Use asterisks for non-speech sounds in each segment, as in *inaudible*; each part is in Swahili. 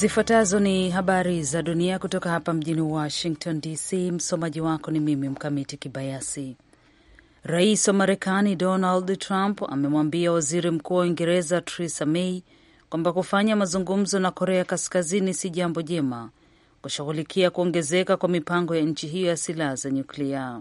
Zifuatazo ni habari za dunia kutoka hapa mjini Washington DC. Msomaji wako ni mimi Mkamiti Kibayasi. Rais wa Marekani Donald Trump amemwambia waziri mkuu wa Uingereza Theresa May kwamba kufanya mazungumzo na Korea Kaskazini si jambo jema kushughulikia kuongezeka kwa mipango ya nchi hiyo ya silaha za nyuklia.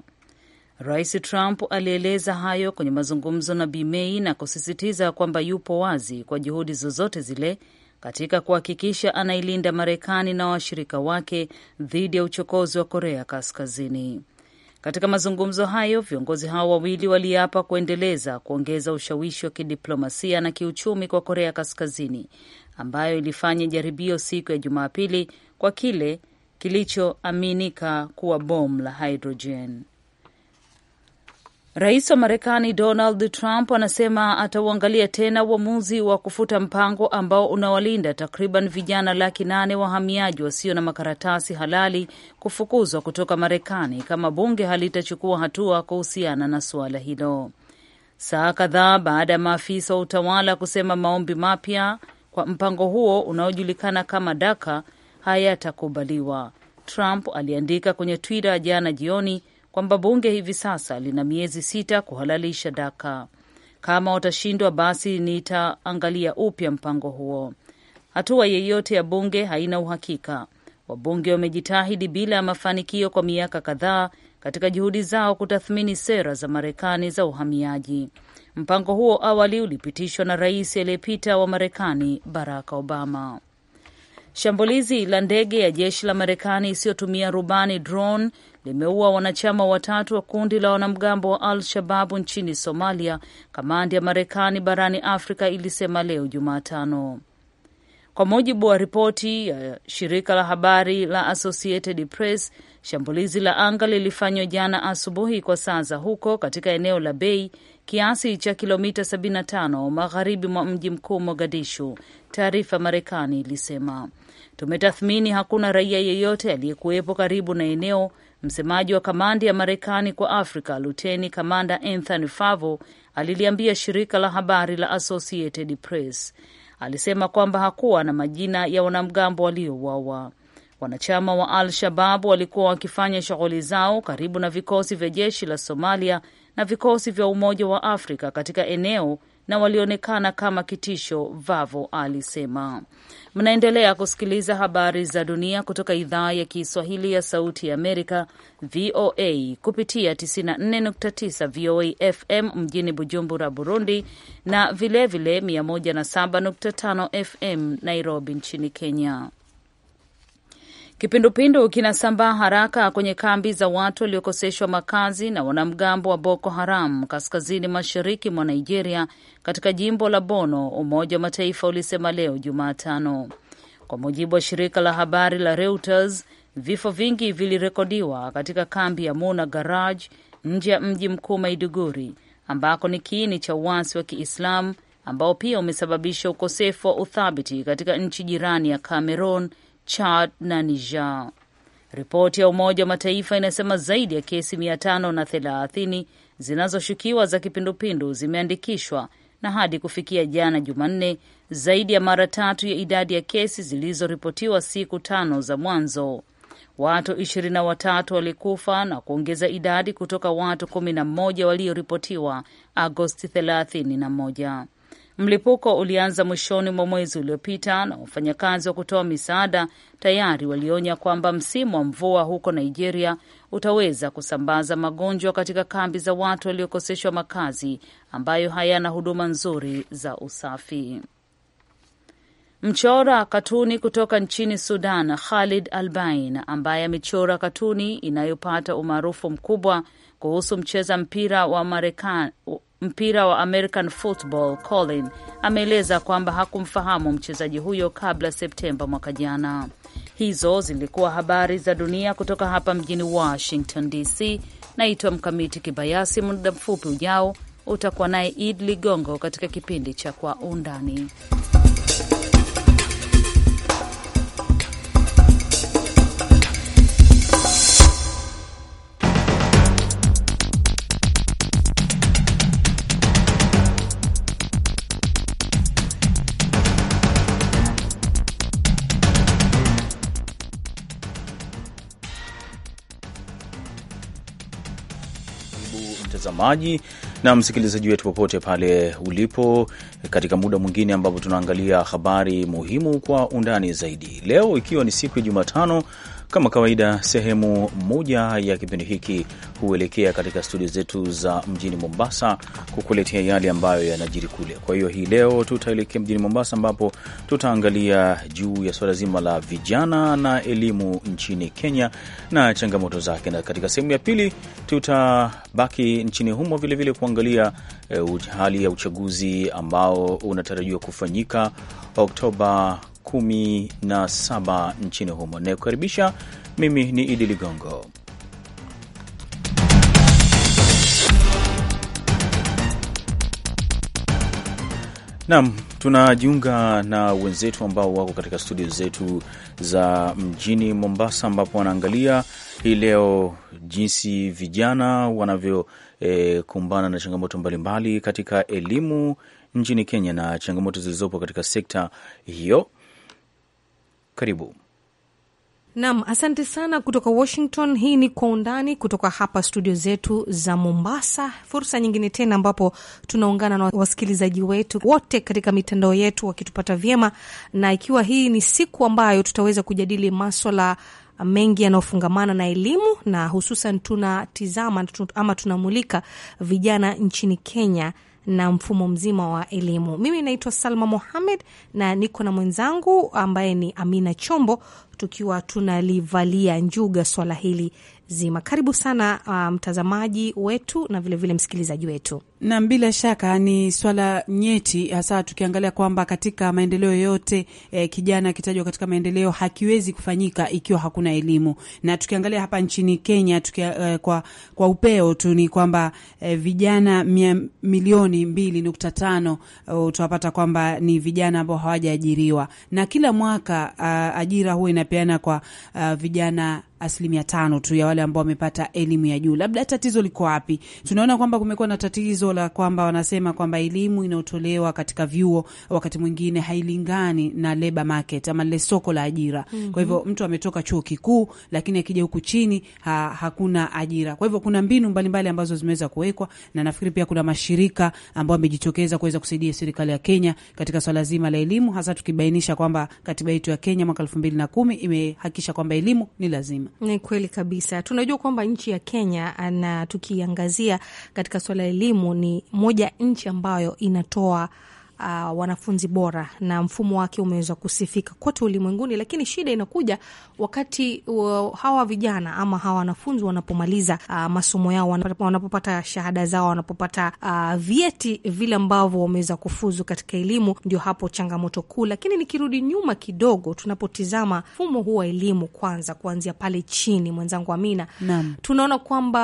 Rais Trump alieleza hayo kwenye mazungumzo na Bi May na kusisitiza kwamba yupo wazi kwa juhudi zozote zile katika kuhakikisha anailinda Marekani na washirika wake dhidi ya uchokozi wa Korea Kaskazini. Katika mazungumzo hayo viongozi hao wawili waliapa kuendeleza kuongeza ushawishi wa kidiplomasia na kiuchumi kwa Korea Kaskazini, ambayo ilifanya jaribio siku ya Jumapili kwa kile kilichoaminika kuwa bomu la hidrojeni. Rais wa Marekani Donald Trump anasema atauangalia tena uamuzi wa kufuta mpango ambao unawalinda takriban vijana laki nane wahamiaji wasio na makaratasi halali kufukuzwa kutoka Marekani kama bunge halitachukua hatua kuhusiana na suala hilo, saa kadhaa baada ya maafisa wa utawala kusema maombi mapya kwa mpango huo unaojulikana kama Daka hayatakubaliwa. Trump aliandika kwenye Twitter jana jioni kwamba bunge hivi sasa lina miezi sita kuhalalisha Daka. Kama watashindwa, basi nitaangalia upya mpango huo. Hatua yeyote ya bunge haina uhakika. Wabunge wamejitahidi bila ya mafanikio kwa miaka kadhaa katika juhudi zao kutathmini sera za Marekani za uhamiaji. Mpango huo awali ulipitishwa na rais aliyepita wa Marekani, Barack Obama. Shambulizi la ndege ya jeshi la Marekani isiyotumia rubani drone limeua wanachama watatu wa kundi la wanamgambo wa Al Shababu nchini Somalia, kamandi ya Marekani barani Afrika ilisema leo Jumatano, kwa mujibu wa ripoti ya shirika la habari la Associated Press. Shambulizi la anga lilifanywa jana asubuhi kwa saa za huko katika eneo la Bei, kiasi cha kilomita 75 magharibi mwa mji mkuu Mogadishu, taarifa Marekani ilisema. Tumetathmini hakuna raia yeyote aliyekuwepo karibu na eneo Msemaji wa kamandi ya Marekani kwa Afrika, luteni kamanda Anthony Favo aliliambia shirika la habari la Associated Press alisema kwamba hakuwa na majina ya wanamgambo waliouawa. Wanachama wa Al Shabab walikuwa wakifanya shughuli zao karibu na vikosi vya jeshi la Somalia na vikosi vya Umoja wa Afrika katika eneo na walionekana kama kitisho, Vavo alisema. Mnaendelea kusikiliza habari za dunia kutoka idhaa ya Kiswahili ya Sauti ya Amerika, VOA, kupitia 94.9 VOA FM mjini Bujumbura, Burundi, na vilevile 107.5 FM Nairobi nchini Kenya. Kipindupindu kinasambaa haraka kwenye kambi za watu waliokoseshwa makazi na wanamgambo wa Boko Haram kaskazini mashariki mwa Nigeria, katika jimbo la Bono, Umoja wa Mataifa ulisema leo Jumatano, kwa mujibu wa shirika la habari la Reuters. Vifo vingi vilirekodiwa katika kambi ya Muna Garaj nje ya mji mkuu Maiduguri, ambako ni kiini cha uasi wa Kiislamu ambao pia umesababisha ukosefu wa uthabiti katika nchi jirani ya Cameroon Chad na Niger. Ripoti ya Umoja wa Mataifa inasema zaidi ya kesi mia tano na thelathini zinazoshukiwa za kipindupindu zimeandikishwa na hadi kufikia jana Jumanne, zaidi ya mara tatu ya idadi ya kesi zilizoripotiwa siku tano za mwanzo. Watu ishirini na watatu walikufa na kuongeza idadi kutoka watu kumi na mmoja walioripotiwa Agosti thelathini na moja. Mlipuko ulianza mwishoni mwa mwezi uliopita na wafanyakazi wa kutoa misaada tayari walionya kwamba msimu wa mvua huko Nigeria utaweza kusambaza magonjwa katika kambi za watu waliokoseshwa makazi ambayo hayana huduma nzuri za usafi. Mchora katuni kutoka nchini Sudan Khalid Albain ambaye amechora katuni inayopata umaarufu mkubwa kuhusu mcheza mpira wa Marekani mpira wa American football Colin ameeleza kwamba hakumfahamu mchezaji huyo kabla Septemba mwaka jana. Hizo zilikuwa habari za dunia kutoka hapa mjini Washington DC. Naitwa Mkamiti Kibayasi. Muda mfupi ujao utakuwa naye Id Ligongo katika kipindi cha Kwa Undani. mtazamaji na msikilizaji wetu popote pale ulipo, katika muda mwingine ambapo tunaangalia habari muhimu kwa undani zaidi. Leo ikiwa ni siku ya Jumatano kama kawaida, sehemu moja ya kipindi hiki huelekea katika studio zetu za mjini Mombasa kukuletea yale ambayo yanajiri kule. Kwa hiyo hii leo tutaelekea mjini Mombasa, ambapo tutaangalia juu ya suala zima la vijana na elimu nchini Kenya na changamoto zake, na katika sehemu ya pili tutabaki nchini humo vilevile vile kuangalia eh, hali ya uchaguzi ambao unatarajiwa kufanyika Oktoba 17 nchini humo. Nakukaribisha, mimi ni Idi Ligongo. Naam, tunajiunga na wenzetu ambao wako katika studio zetu za mjini Mombasa, ambapo wanaangalia hii leo jinsi vijana wanavyokumbana eh, e, na changamoto mbalimbali katika elimu nchini Kenya na changamoto zilizopo katika sekta hiyo. Karibu. Nam, asante sana kutoka Washington. Hii ni Kwa Undani kutoka hapa studio zetu za Mombasa. Fursa nyingine tena ambapo tunaungana na wasikilizaji wetu wote katika mitandao yetu wakitupata vyema, na ikiwa hii ni siku ambayo tutaweza kujadili maswala mengi yanayofungamana na elimu na hususan tunatizama ama tunamulika vijana nchini Kenya na mfumo mzima wa elimu. Mimi naitwa Salma Mohamed na niko na mwenzangu ambaye ni Amina Chombo, tukiwa tunalivalia njuga swala hili zima. Karibu sana uh, mtazamaji um, wetu na vilevile vile msikilizaji wetu. Nam, bila shaka ni swala nyeti, hasa tukiangalia kwamba katika maendeleo yote e, kijana akitajwa katika maendeleo hakiwezi kufanyika ikiwa hakuna elimu. Na tukiangalia hapa nchini Kenya tukia, e, kwa, kwa upeo tu ni kwamba e, vijana mia, milioni mbili nukta tano utawapata kwamba ni vijana ambao hawajaajiriwa, na kila mwaka a, ah, ajira huwa inapeana kwa a, ah, vijana asilimia tano tu ya wale ambao wamepata elimu ya juu. Labda tatizo liko wapi? Tunaona kwamba kumekuwa na tatizo tatizo la kwamba wanasema kwamba elimu inayotolewa katika vyuo wakati mwingine hailingani na labor market ama lile soko la ajira. mm -hmm. Kwa hivyo mtu ametoka chuo kikuu lakini akija huku chini ha, hakuna ajira. Kwa hivyo kuna mbinu mbalimbali mbali ambazo zimeweza kuwekwa na nafikiri pia kuna mashirika ambayo amejitokeza kuweza kusaidia serikali ya Kenya katika swala zima la elimu, hasa tukibainisha kwamba katiba yetu ya Kenya mwaka elfu mbili na kumi imehakikisha kwamba elimu ni lazima. Ni kweli kabisa, tunajua kwamba nchi ya Kenya na tukiangazia katika swala la elimu ni moja nchi ambayo inatoa uh, wanafunzi bora na mfumo wake umeweza kusifika kote ulimwenguni, lakini shida inakuja wakati uh, hawa vijana ama hawa wanafunzi wanapomaliza uh, masomo yao, wanapopata shahada zao, wanapopata uh, vyeti vile ambavyo wameweza kufuzu katika elimu, ndio hapo changamoto kuu. Lakini nikirudi nyuma kidogo, tunapotizama mfumo huu wa elimu kwanza, kuanzia pale chini, mwenzangu Amina, tunaona kwamba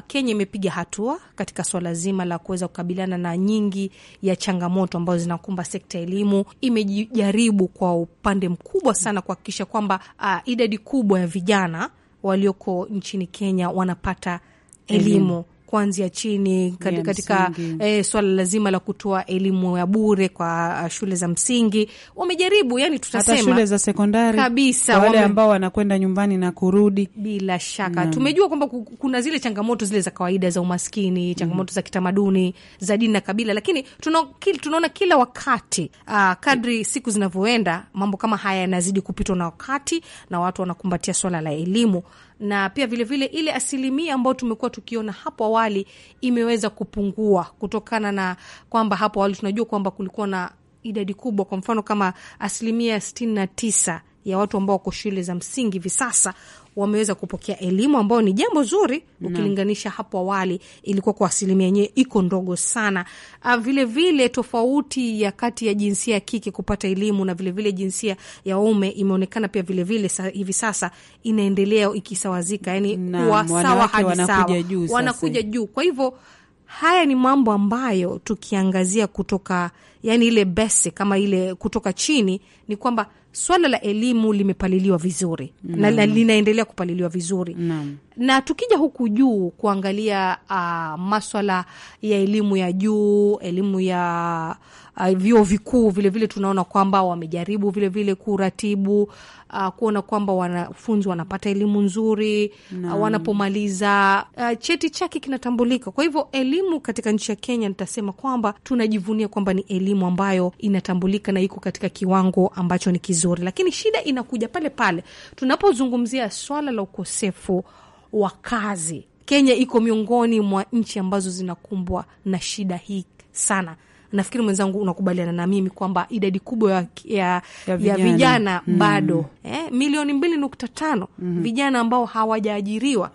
uh, Kenya imepiga hatua katika swala zima la kuweza kukabiliana na nyingi ya changamoto changamoto ambazo zinakumba sekta ya elimu, imejaribu kwa upande mkubwa sana kuhakikisha kwamba uh, idadi kubwa ya vijana walioko nchini Kenya wanapata elimu, elimu kuanzia chini katika, katika e, eh, swala lazima la kutoa elimu ya bure kwa ah, shule za msingi wamejaribu, yani tutasema hata shule za sekondari kabisa, wale ambao wanakwenda nyumbani na kurudi. Bila shaka no. Tumejua kwamba kuna zile changamoto zile za kawaida za umaskini, mhm. changamoto mm. za kitamaduni, za dini na kabila, lakini tunaona kila wakati aa, ah, kadri siku zinavyoenda mambo kama haya yanazidi kupitwa na wakati na watu wanakumbatia swala la elimu na pia vilevile vile ile asilimia ambayo tumekuwa tukiona hapo awali imeweza kupungua kutokana na kwamba hapo awali tunajua kwamba kulikuwa na idadi kubwa, kwa mfano kama asilimia sitini na tisa ya watu ambao wako shule za msingi hivi sasa wameweza kupokea elimu ambayo ni jambo zuri ukilinganisha hapo awali, ilikuwa kwa asilimia yenyewe iko ndogo sana. Vilevile ah, vile tofauti ya kati ya jinsia ya kike kupata elimu na vilevile vile jinsia ya ume imeonekana pia vilevile vile hivi sasa inaendelea ikisawazika, yani kuwa sawa hadi sawa, wanakuja juu. Kwa hivyo haya ni mambo ambayo tukiangazia kutoka yani ile basic kama ile kutoka chini, ni kwamba swala la elimu limepaliliwa vizuri na, na linaendelea kupaliliwa vizuri na na tukija huku juu kuangalia uh, maswala ya elimu ya juu, elimu ya uh, vyuo vikuu vilevile, tunaona kwamba wamejaribu vilevile kuratibu uh, kuona kwamba wanafunzi wanapata elimu nzuri uh, wanapomaliza uh, cheti chake kinatambulika. Kwa hivyo elimu katika nchi ya Kenya, nitasema kwamba tunajivunia kwamba ni elimu ambayo inatambulika na iko katika kiwango ambacho ni kizuri, lakini shida inakuja pale pale tunapozungumzia swala la ukosefu wakazi. Kenya iko miongoni mwa nchi ambazo zinakumbwa na shida hii sana. Nafikiri mwenzangu unakubaliana na mimi kwamba idadi kubwa ya, ya, ya vijana, ya vijana mm. bado hmm. eh, milioni mbili nukta tano mm -hmm. vijana ambao hawajaajiriwa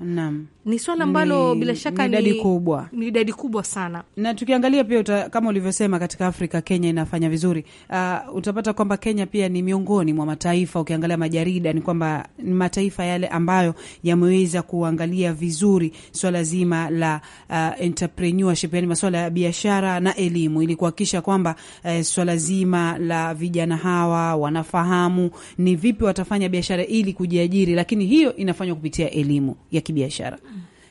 ni swala ambalo bila shaka ni idadi kubwa, ni idadi kubwa sana. Na tukiangalia pia uta, kama ulivyosema katika Afrika Kenya inafanya vizuri. Uh, utapata kwamba Kenya pia ni miongoni mwa mataifa, ukiangalia majarida ni kwamba ni mataifa yale ambayo yameweza kuangalia vizuri swala zima la uh, entrepreneurship, yani maswala ya biashara na elimu, ili kuhakikisha kwamba uh, swala zima la vijana hawa wanafahamu ni vipi watafanya biashara ili kujiajiri, lakini hiyo inafanywa kupitia elimu ya kibiashara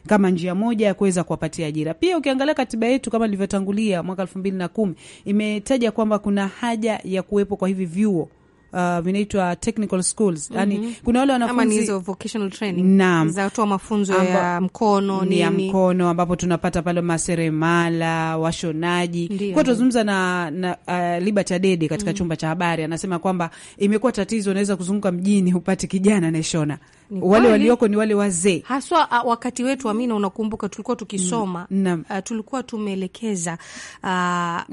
kama njia moja ya kuweza kuwapatia ajira. Pia ukiangalia katiba yetu kama ilivyotangulia mwaka elfu mbili na kumi imetaja kwamba kuna haja ya kuwepo kwa hivi vyuo Uh, vinaitwa technical schools mhm. yani, mm -hmm. Kuna wale wanafunzi hizo vocational training naam, za mafunzo ya mkono ni ya mkono ambapo tunapata pale maseremala, washonaji. Kwa tunazungumza na, na uh, Liberty Dede katika mm -hmm. chumba cha habari anasema kwamba imekuwa tatizo, unaweza kuzunguka mjini upate kijana anayeshona wale walioko ni wale wazee haswa. Uh, wakati wetu Amina, unakumbuka tulikuwa tukisoma mm, uh, tulikuwa tumeelekeza uh,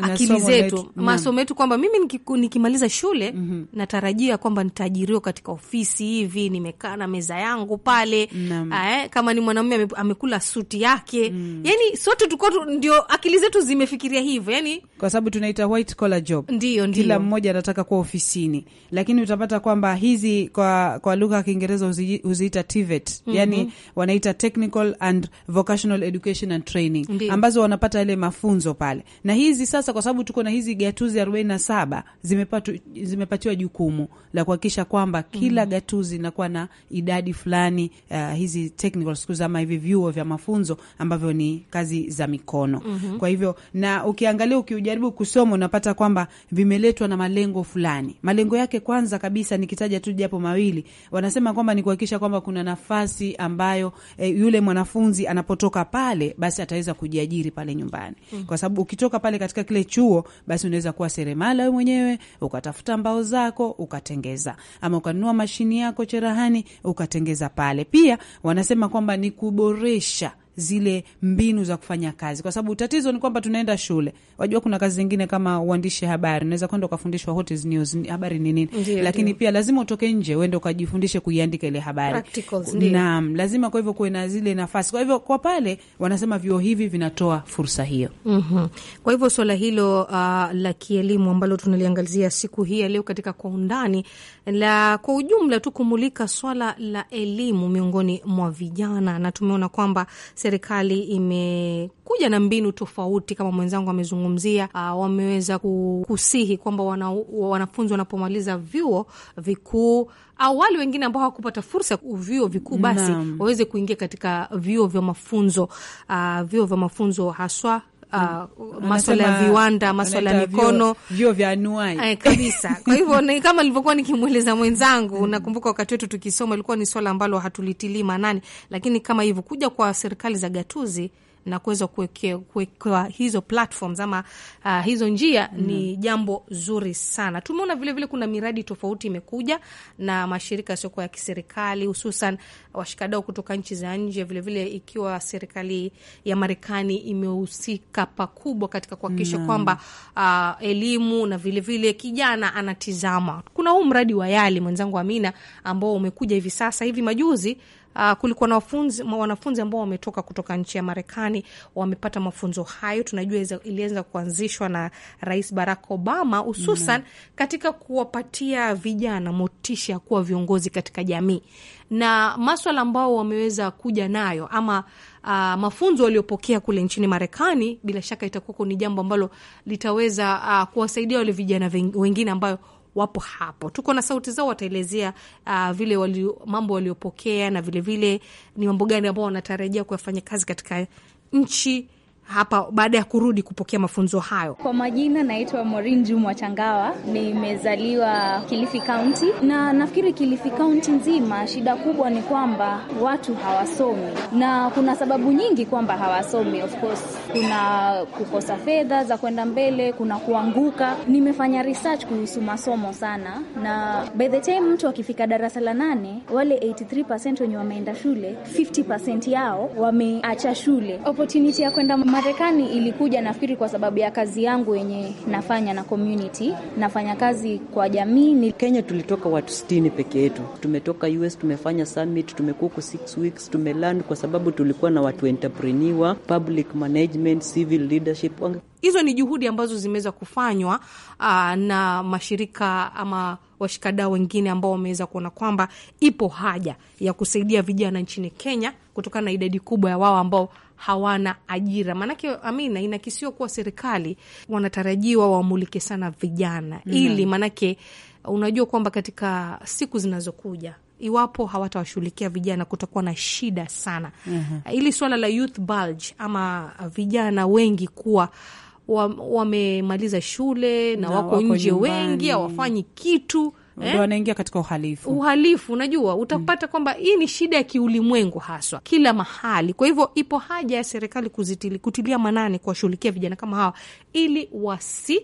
akili zetu masomo yetu kwamba mimi nikimaliza shule mm -hmm. natarajia kwamba nitaajiriwa katika ofisi hivi, nimekaa na meza yangu pale uh, kama ni mwanamume amekula suti yake mm. Yani sote tulikuwa ndio akili zetu zimefikiria hivyo, yani kwa sababu tunaita white collar job, ndio ndio kila mmoja anataka kuwa ofisini, lakini utapata kwamba hizi kwa, kwa lugha ya Kiingereza huziita TVET, mm -hmm. yani wanaita technical and vocational education and training Ndi. ambazo wanapata yale mafunzo pale, na hizi sasa, kwa sababu tuko na hizi gatuzi arobaini 47 zimepatu, zimepatiwa jukumu la kuhakikisha kwamba kila mm -hmm. gatuzi inakuwa na idadi fulani uh, hizi technical schools ama hivi vyuo vya mafunzo ambavyo ni kazi za mikono mm -hmm. kwa hivyo, na ukiangalia, ukijaribu kusoma unapata kwamba vimeletwa na malengo fulani. Malengo yake kwanza kabisa nikitaja tu japo mawili, wanasema kwamba ni kuhakikisha kwamba kuna nafasi ambayo e, yule mwanafunzi anapotoka pale basi ataweza kujiajiri pale nyumbani mm. Kwa sababu ukitoka pale katika kile chuo basi unaweza kuwa seremala wewe mwenyewe, ukatafuta mbao zako ukatengeza, ama ukanunua mashini yako cherehani ukatengeza pale. Pia wanasema kwamba ni kuboresha zile mbinu za kufanya kazi, kwa sababu tatizo ni kwamba tunaenda shule, wajua kuna kazi zingine kama uandishi habari, unaweza kwenda ukafundishwa what is news, habari ni nini, lakini pia lazima utoke nje uende ukajifundishe kuiandika ile habari. Naam, lazima kwa hivyo kuwe na zile nafasi. Kwa hivyo kwa pale wanasema vyuo hivi vinatoa fursa hiyo. mm -hmm. Kwa hivyo swala hilo uh, la kielimu ambalo tunaliangazia siku hii ya leo katika kwa undani, la kwa ujumla tu kumulika swala la elimu miongoni mwa vijana, na tumeona kwamba serikali imekuja na mbinu tofauti kama mwenzangu amezungumzia. Uh, wameweza kusihi kwamba wana, wanafunzi wanapomaliza vyuo vikuu au wale wengine ambao hawakupata fursa ya vyuo vikuu basi waweze kuingia katika vyuo vya mafunzo uh, vyuo vya mafunzo haswa uh, maswala ya viwanda, maswala ya mikono, vyo vya anuai kabisa. Kwa hivyo *laughs* ni kama nilivyokuwa nikimweleza mwenzangu, mm. nakumbuka wakati wetu tukisoma ilikuwa ni swala ambalo hatulitilii maanani, lakini kama hivyo kuja kwa serikali za gatuzi na kuweza kuwekewa hizo platforms ama uh, hizo njia mm. Ni jambo zuri sana. Tumeona vilevile kuna miradi tofauti imekuja na mashirika yasiokuwa ya kiserikali, hususan washikadau kutoka nchi za nje, vilevile ikiwa serikali ya Marekani imehusika pakubwa katika kuhakikisha mm. kwamba uh, elimu na vilevile vile kijana anatizama. Kuna huu mradi wa Yali, mwenzangu Amina, ambao umekuja hivi sasa hivi majuzi Uh, kulikuwa na wafunzi, wanafunzi ambao wametoka kutoka nchi ya Marekani wamepata mafunzo hayo. Tunajua ilianza kuanzishwa na Rais Barack Obama hususan mm -hmm. katika kuwapatia vijana motisha ya kuwa viongozi katika jamii na maswala ambao wameweza kuja nayo ama uh, mafunzo waliopokea kule nchini Marekani, bila shaka itakuwa ni jambo ambalo litaweza uh, kuwasaidia wale vijana wengine ambayo wapo hapo, tuko na sauti zao, wataelezea uh, vile wali, mambo waliopokea na vilevile vile, ni mambo gani ambao wanatarajia kuyafanya kazi katika nchi hapa baada ya kurudi kupokea mafunzo hayo. Kwa majina naitwa Maureen Jumwa Changawa, nimezaliwa Kilifi County, na nafikiri Kilifi County nzima shida kubwa ni kwamba watu hawasomi, na kuna sababu nyingi kwamba hawasomi. Of course kuna kukosa fedha za kwenda mbele, kuna kuanguka. Nimefanya research kuhusu masomo sana, na by the time mtu akifika darasa la nane, wale 83% wenye wameenda shule, 50% yao wameacha shule. Opportunity ya kwenda Marekani ilikuja nafikiri kwa sababu ya kazi yangu yenye nafanya na community, nafanya kazi kwa jamii. Ni Kenya tulitoka watu 60 peke yetu, tumetoka US, tumefanya summit, tumekuwa kwa 6 weeks, tumeland kwa sababu tulikuwa na watu entrepreneur, public management, civil leadership. Hizo ni juhudi ambazo zimeweza kufanywa aa, ah, na mashirika ama washikadau wengine ambao wameweza kuona kwamba ipo haja ya kusaidia vijana nchini Kenya kutokana na idadi kubwa ya wao ambao hawana ajira. Maanake Amina, inakisiwa kuwa serikali wanatarajiwa waamulike sana vijana mm -hmm. ili maanake unajua kwamba katika siku zinazokuja iwapo hawatawashughulikia vijana kutakuwa na shida sana. mm -hmm. Ili swala la youth bulge ama vijana wengi kuwa wamemaliza shule na, na wako, wako nje wengi hawafanyi kitu eh? wanaingia katika uhalifu. Uhalifu unajua, utapata mm. kwamba hii ni shida ya kiulimwengu haswa, kila mahali. Kwa hivyo ipo haja ya serikali kuzitili, kutilia manane kuwashughulikia vijana kama hawa ili wasi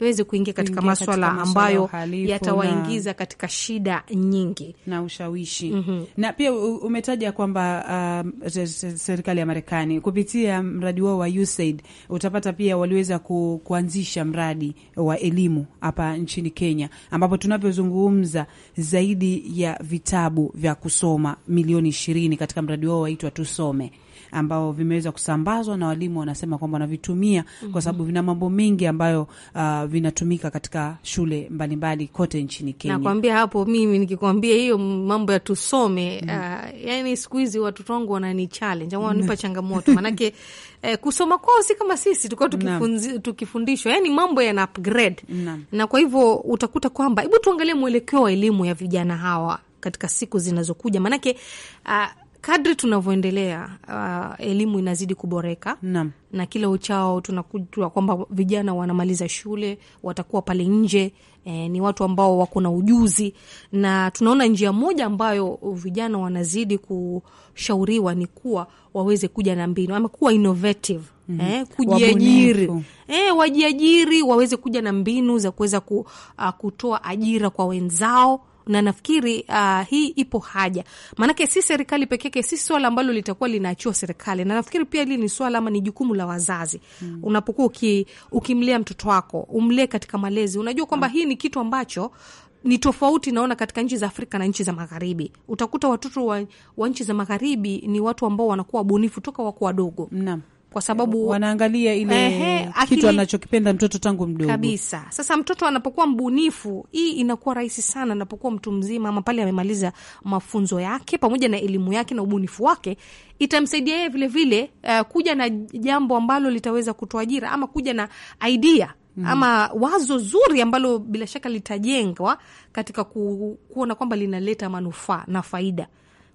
weze kuingia katika maswala ambayo yatawaingiza na... katika shida nyingi na ushawishi mm -hmm. Na pia umetaja kwamba uh, serikali ya Marekani kupitia mradi wao wa USAID utapata pia waliweza ku, kuanzisha mradi wa elimu hapa nchini Kenya, ambapo tunavyozungumza zaidi ya vitabu vya kusoma milioni ishirini katika mradi wao waitwa Tusome ambao vimeweza kusambazwa na walimu wanasema kwamba wanavitumia mm -hmm. kwa sababu vina mambo mengi ambayo uh, vinatumika katika shule mbalimbali mbali kote nchini Kenya. Nakwambia hapo mimi nikikwambia hiyo mambo ya tusome mm -hmm. uh, yani siku hizi watoto wangu wanani challenge au wanipa mm. changamoto manake *laughs* Eh, kusoma kwao si kama sisi tulikuwa tukifundishwa, yani mambo yana upgrade na, na kwa hivyo utakuta kwamba, hebu tuangalie mwelekeo wa elimu ya vijana hawa katika siku zinazokuja, maanake uh, kadri tunavyoendelea uh, elimu inazidi kuboreka na, na kila uchao tunakujua kwamba vijana wanamaliza shule watakuwa pale nje eh, ni watu ambao wako na ujuzi, na tunaona njia moja ambayo vijana wanazidi kushauriwa ni kuwa waweze kuja na mbinu ama kuwa innovative mm -hmm. eh, kujiajiri eh, wajiajiri, waweze kuja na mbinu za kuweza ku, uh, kutoa ajira kwa wenzao na nafikiri uh, hii ipo haja, maanake si serikali peke yake, si swala ambalo litakuwa linaachiwa serikali, na nafikiri pia hili ni swala ama ni jukumu la wazazi mm. Unapokuwa uki, ukimlea mtoto wako umlee katika malezi, unajua kwamba mm. hii ni kitu ambacho ni tofauti naona katika nchi za Afrika na nchi za Magharibi. Utakuta watoto wa, wa nchi za Magharibi ni watu ambao wanakuwa wabunifu toka wako wadogo. Naam kwa sababu wanaangalia ile ehe, akili, kitu anachokipenda mtoto tangu mdogo kabisa. Sasa mtoto anapokuwa mbunifu, hii inakuwa rahisi sana anapokuwa mtu mzima, ama pale amemaliza mafunzo yake pamoja na elimu yake na ubunifu wake, itamsaidia yeye vile vile uh, kuja na jambo ambalo litaweza kutoa ajira ama kuja na idea Mm. Ama wazo zuri ambalo bila shaka litajengwa katika ku, kuona kwamba linaleta manufaa na faida.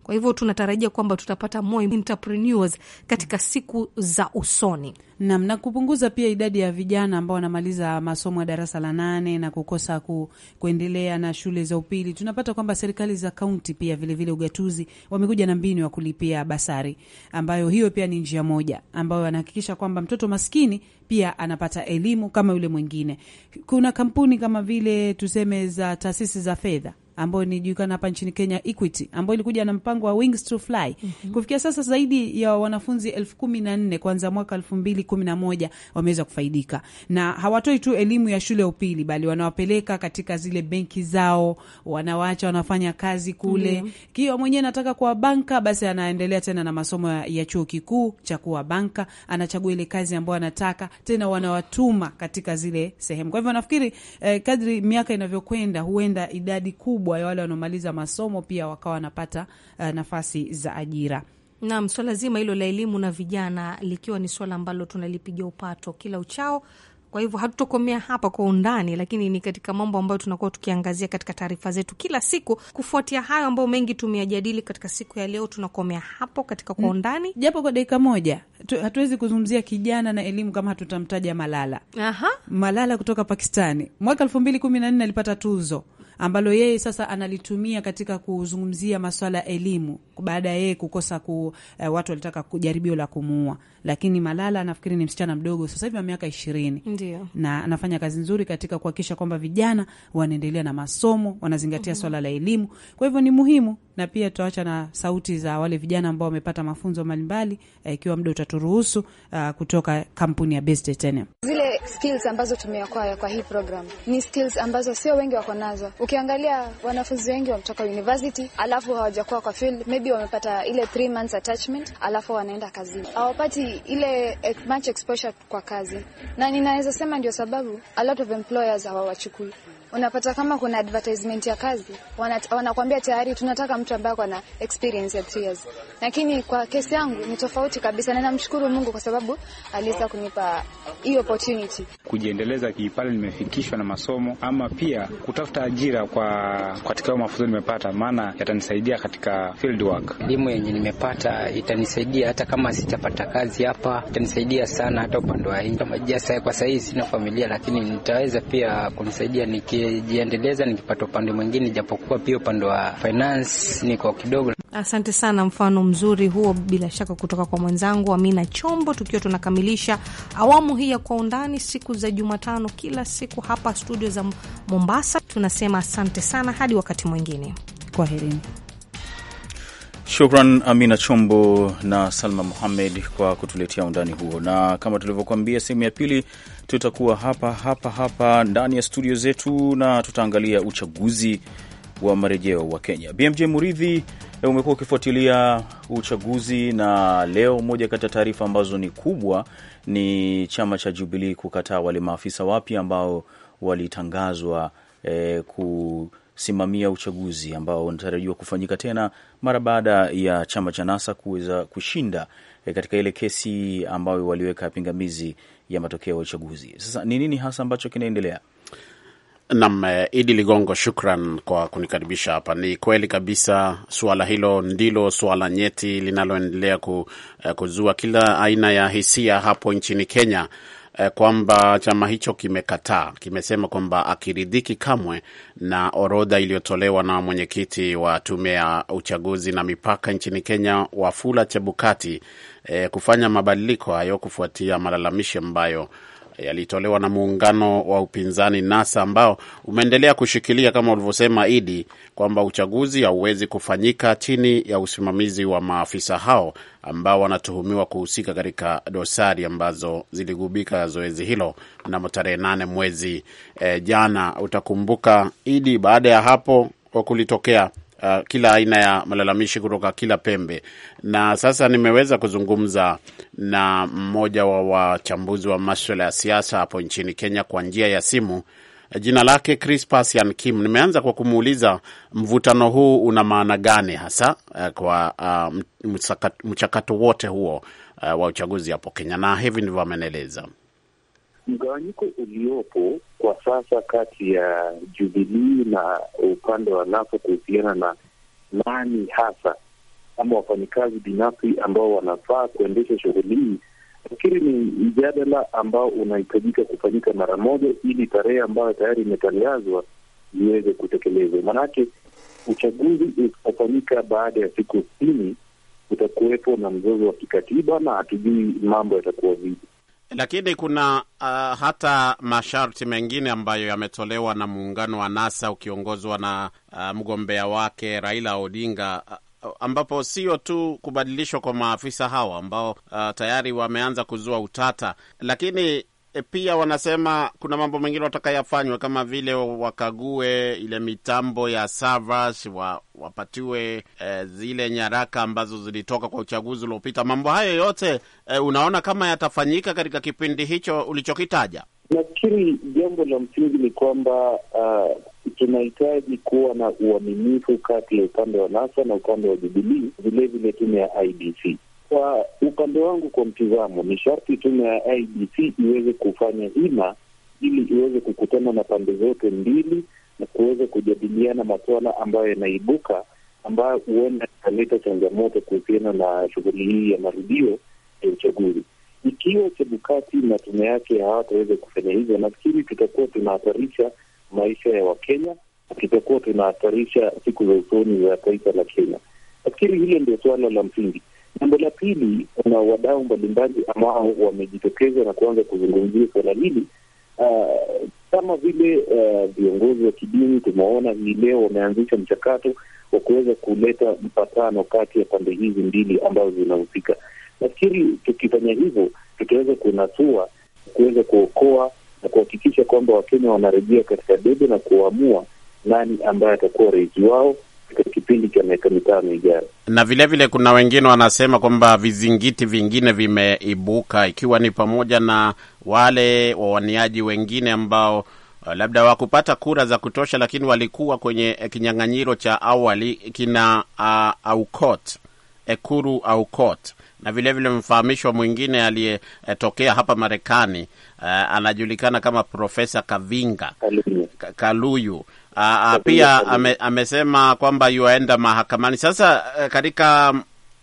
Kwa hivyo tunatarajia kwamba tutapata more entrepreneurs katika siku za usoni nam na kupunguza pia idadi ya vijana ambao wanamaliza masomo ya darasa la nane na kukosa ku, kuendelea na shule za upili. Tunapata kwamba serikali za kaunti pia vilevile vile ugatuzi wamekuja na mbinu ya kulipia basari, ambayo hiyo pia ni njia moja ambayo anahakikisha kwamba mtoto maskini pia anapata elimu kama yule mwingine. Kuna kampuni kama vile tuseme za taasisi za fedha ambayo inajulikana hapa nchini Kenya, Equity, ambayo ilikuja na mpango wa Wings to Fly. mm -hmm. Kufikia sasa zaidi ya wanafunzi elfu kumi na nne kuanzia mwaka elfu mbili kumi na moja wameweza kufaidika, na hawatoi tu elimu ya shule ya upili, bali wanawapeleka katika zile benki zao, wanawaacha wanafanya kazi kule. mm -hmm. Kiwa mwenyewe anataka kuwa banka, basi anaendelea tena na masomo ya chuo kikuu cha kuwa banka, anachagua ile kazi ambayo anataka tena, wanawatuma katika zile sehemu. Kwa hivyo nafikiri eh, kadri miaka inavyokwenda, huenda idadi kubwa makubwa ya wale wanaomaliza masomo pia wakawa wanapata uh, nafasi za ajira. Naam, swala zima hilo la elimu na vijana likiwa ni swala ambalo tunalipiga upato kila uchao. Kwa hivyo hatutokomea hapa kwa undani, lakini ni katika mambo ambayo tunakuwa tukiangazia katika taarifa zetu kila siku. Kufuatia hayo ambayo mengi tumeyajadili katika siku ya leo, tunakomea hapo katika kwa mm. undani, japo kwa dakika moja. tu, Hatuwezi kuzungumzia kijana na elimu kama hatutamtaja Malala. Aha. Malala kutoka Pakistani mwaka elfu mbili kumi na nne alipata tuzo ambalo yeye sasa analitumia katika kuzungumzia maswala ya elimu, baada ya yeye kukosa ku, uh, watu walitaka jaribio la kumuua, lakini Malala nafikiri ni msichana mdogo sasa hivi wa miaka ishirini. na anafanya kazi nzuri katika kuhakikisha kwamba vijana wanaendelea na masomo, wanazingatia mm -hmm. swala la elimu, kwa hivyo ni muhimu na pia tutaacha na sauti za wale vijana ambao wamepata mafunzo mbalimbali, eh, ikiwa muda utaturuhusu, eh, kutoka kampuni ya Best Titanium. Zile skills ambazo tumeakwaya kwa hii program ni skills ambazo sio wengi wako nazo. Ukiangalia wanafunzi wengi wametoka university alafu hawajakuwa kwa field, maybe wamepata ile three months attachment alafu wanaenda kazini, hawapati ile eh, much exposure kwa kazi, na ninaweza sema ndio sababu a lot of employers hawawachukui unapata kama kuna advertisement ya kazi wanakuambia tayari tunataka mtu ambaye ana experience ya 3 years, lakini kwa kesi yangu ni tofauti kabisa, na namshukuru Mungu kwa sababu aliweza kunipa hiyo opportunity kujiendeleza kipale nimefikishwa na masomo, ama pia kutafuta ajira kwa katika mafunzo nimepata, maana yatanisaidia katika field work. Elimu yenye nimepata itanisaidia hata kama sitapata kazi hapa, itanisaidia sana hata upande wa hii. Kwa sasa hivi sina familia, lakini nitaweza pia kunisaidia niki nikijiendeleza nikipata upande mwingine, japokuwa pia upande wa finance niko kidogo. Asante sana, mfano mzuri huo bila shaka kutoka kwa mwenzangu Amina Chombo, tukiwa tunakamilisha awamu hii ya Kwa Undani siku za Jumatano kila siku hapa studio za Mombasa. Tunasema asante sana, hadi wakati mwingine, kwaherini. Shukran Amina Chombo na Salma muhamed kwa kutuletea undani huo, na kama tulivyokuambia, sehemu ya pili tutakuwa hapa hapa hapa ndani ya studio zetu na tutaangalia uchaguzi wa marejeo wa Kenya. BMJ Muridhi, eh, umekuwa ukifuatilia uchaguzi, na leo moja kati ya taarifa ambazo ni kubwa ni chama cha Jubilii kukataa wale maafisa wapya ambao walitangazwa eh, ku kusimamia uchaguzi ambao unatarajiwa kufanyika tena mara baada ya chama cha NASA kuweza kushinda e, katika ile kesi ambayo waliweka pingamizi ya matokeo ya uchaguzi. Sasa ni nini hasa ambacho kinaendelea? Nam eh, Idi Ligongo, shukran kwa kunikaribisha hapa. Ni kweli kabisa, suala hilo ndilo suala nyeti linaloendelea eh, kuzua kila aina ya hisia hapo nchini Kenya, eh, kwamba chama hicho kimekataa, kimesema kwamba akiridhiki kamwe na orodha iliyotolewa na mwenyekiti wa tume ya uchaguzi na mipaka nchini Kenya Wafula Chebukati eh, kufanya mabadiliko hayo kufuatia malalamishi ambayo yalitolewa na muungano wa upinzani NASA ambao umeendelea kushikilia kama ulivyosema Idi kwamba uchaguzi hauwezi kufanyika chini ya usimamizi wa maafisa hao ambao wanatuhumiwa kuhusika katika dosari ambazo ziligubika zoezi hilo mnamo tarehe nane mwezi e, jana. Utakumbuka Idi, baada ya hapo kulitokea uh, kila aina ya malalamishi kutoka kila pembe. Na sasa nimeweza kuzungumza na mmoja wa wachambuzi wa maswala ya siasa hapo nchini Kenya kwa njia ya simu. Jina lake Crispas Yan Kim. Nimeanza kwa kumuuliza mvutano huu una maana gani hasa uh, kwa uh, mchakato wote huo uh, wa uchaguzi hapo Kenya, na hivi ndivyo amenieleza. Mgawanyiko uliopo kwa sasa kati ya Jubilii na upande wa nasa kuhusiana na nani hasa ama wafanyikazi binafsi ambao wanafaa kuendesha shughuli hii. lakini ni mjadala ambao unahitajika kufanyika mara moja, ili tarehe ambayo tayari imetangazwa iweze kutekelezwa. Maanake uchaguzi utafanyika baada ya siku sitini, utakuwepo na mzozo wa kikatiba na hatujui mambo yatakuwa vipi. Lakini kuna uh, hata masharti mengine ambayo yametolewa na muungano wa NASA ukiongozwa na uh, mgombea wake Raila Odinga uh, ambapo sio tu kubadilishwa kwa maafisa hawa ambao uh, tayari wameanza kuzua utata, lakini E, pia wanasema kuna mambo mengine watakayafanywa kama vile wakague ile mitambo ya servers, wa, wapatiwe e, zile nyaraka ambazo zilitoka kwa uchaguzi uliopita. Mambo hayo yote e, unaona kama yatafanyika katika kipindi hicho ulichokitaja? Nafikiri jambo la msingi ni kwamba uh, tunahitaji kuwa na uaminifu kati ya upande wa NASA na upande wa Jubilii, vilevile tume ya IBC kwa upande wangu, kwa mtizamo, ni sharti tume ya IBC iweze kufanya hima ili iweze kukutana na pande zote mbili na kuweza kujadiliana masuala ambayo yanaibuka ambayo huenda ikaleta changamoto kuhusiana na shughuli hii ya marudio ya uchaguzi. Ikiwa Chebukati na tume yake hawataweza kufanya hivyo, nafikiri tutakuwa tunahatarisha maisha ya Wakenya na tutakuwa tunahatarisha siku za usoni za taifa la Kenya. Nafikiri hilo ndio suala la msingi. Jambo la pili, kuna wadau mbalimbali ambao wamejitokeza na kuanza kuzungumzia suala hili ah, kama uh, vile uh, viongozi wa kidini tumeona hii leo wameanzisha mchakato wa kuweza kuleta mpatano kati ya pande hizi mbili ambazo zinahusika. Nafikiri tukifanya hivyo tutaweza kunatua kuweza kuokoa na kuhakikisha kwamba Wakenya wanarejea katika debe na kuamua nani ambaye atakuwa rais wao katika kipindi cha miaka mitano ijayo. Na vilevile vile kuna wengine wanasema kwamba vizingiti vingine vimeibuka, ikiwa ni pamoja na wale wawaniaji wengine ambao eh, labda wakupata kura za kutosha, lakini walikuwa kwenye eh, kinyang'anyiro cha awali kina uh, Aukot Ekuru Aukot na vilevile mfahamisho mwingine aliyetokea hapa Marekani uh, anajulikana kama Profesa Kavinga Kaluyu. Kaluyu Ah, ah, a, pia ame, amesema kwamba yuaenda mahakamani. Sasa eh, katika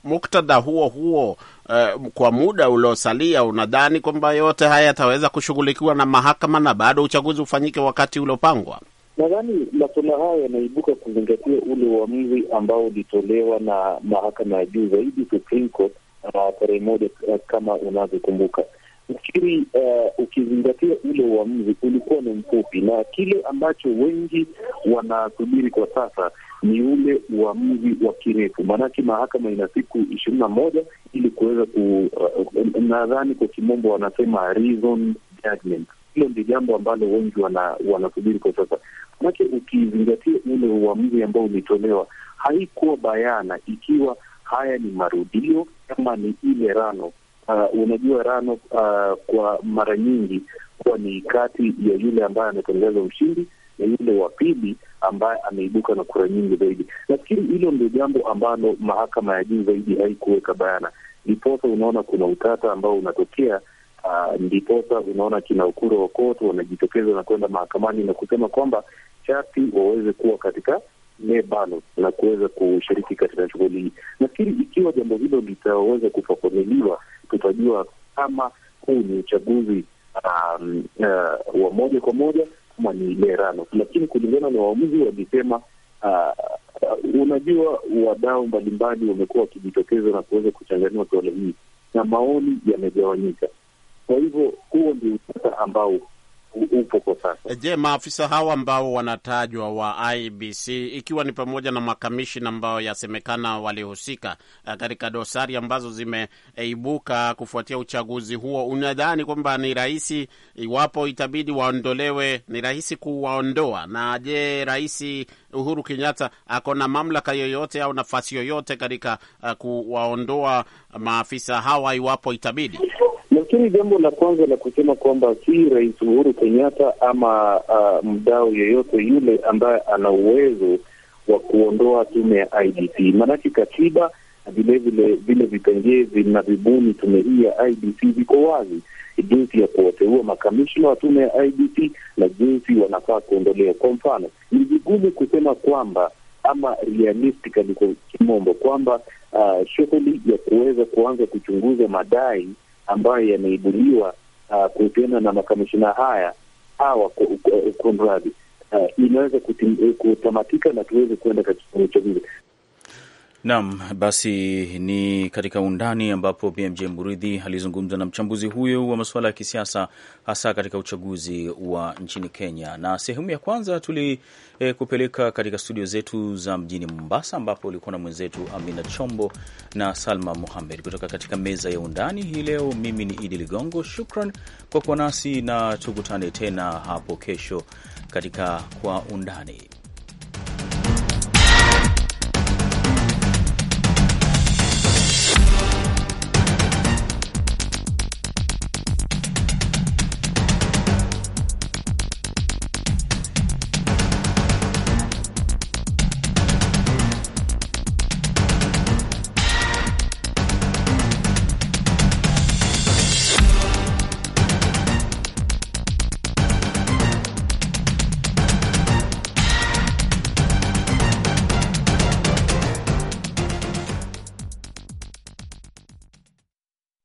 muktadha huo huo Uh, kwa muda uliosalia unadhani kwamba yote haya yataweza kushughulikiwa na mahakama na bado uchaguzi ufanyike wakati uliopangwa? Nadhani masuala haya yanaibuka kuzingatia ule uamuzi ambao ulitolewa na mahakama ya juu zaidi, Supreme Court, ah, tarehe moja, eh, kama unavyokumbuka ukiri uh, eh, ukizingatia ule uamuzi ulikuwa ni mfupi, na kile ambacho wengi wanasubiri kwa sasa ni ule uamuzi wa kirefu, maanake mahakama ina siku ishirini na moja ili kuweza ku, uh, nadhani kwa kimombo wanasema reason judgment. Hilo ndi jambo ambalo wengi wana, wanasubiri kwa sasa, manake ukizingatia ule uamuzi ambao ulitolewa, haikuwa bayana ikiwa haya ni marudio ama ni ile rano uh, unajua Rano uh, kwa mara nyingi kuwa ni kati ya yule ambaye ametangaza ushindi na yule wa pili ambaye ameibuka na kura nyingi zaidi. Nafikiri hilo ndio jambo ambalo mahakama ya juu zaidi haikuweka bayana, ndiposa unaona kuna utata ambao unatokea. Uh, ndiposa unaona kina Ukuru Okot wanajitokeza na kwenda mahakamani na kusema kwamba chati waweze kuwa katika lebano na kuweza kushiriki katika shughuli hii. Nafikiri ikiwa jambo hilo litaweza kufafanuliwa, tutajua kama huu ni uchaguzi um, uh, wa moja kwa moja ama ni lerano, lakini kulingana na waamuzi walisema uh, Uh, unajua wadau mbalimbali wamekuwa wakijitokeza na kuweza kuchanganua suala hii na maoni yamegawanyika. Kwa hivyo huo ndio utata ambao upo kwa sasa. Eh, je, maafisa hawa ambao wanatajwa wa IBC ikiwa ni pamoja na makamishina ambao yasemekana walihusika eh, katika dosari ambazo zimeibuka kufuatia uchaguzi huo, unadhani kwamba ni rahisi iwapo itabidi waondolewe, ni rahisi kuwaondoa? Na je, rahisi Uhuru Kenyatta ako na mamlaka yoyote au nafasi yoyote katika uh, kuwaondoa maafisa hawa iwapo itabidi? Lakini jambo la kwanza la kusema kwamba si Rais Uhuru Kenyatta ama uh, mdau yeyote yule ambaye ana uwezo wa kuondoa tume ya IDC, maanake katiba vilevile vile vipengee vinavyobuni tume hii ya IDC viko wazi jinsi ya kuwateua makamishna wa tume ya IBC na jinsi wanafaa kuondolewa. Kwa mfano, ni vigumu kusema kwamba ama realistically kwa kimombo kwamba uh, shughuli ya kuweza kuanza kuchunguza madai ambayo yameibuliwa uh, kuhusiana na makamishina haya hawa kunradhi, uh, inaweza kutamatika na tuweze kuenda katika uchaguzi. Naam, basi ni katika undani ambapo BMJ Muridhi alizungumza na mchambuzi huyo wa masuala ya kisiasa hasa katika uchaguzi wa nchini Kenya, na sehemu ya kwanza tulikupeleka eh, e, katika studio zetu za mjini Mombasa, ambapo ulikuwa na mwenzetu Amina Chombo na Salma Muhamed. Kutoka katika meza ya undani hii leo, mimi ni Idi Ligongo, shukran kwa kuwa nasi na tukutane tena hapo kesho katika kwa undani.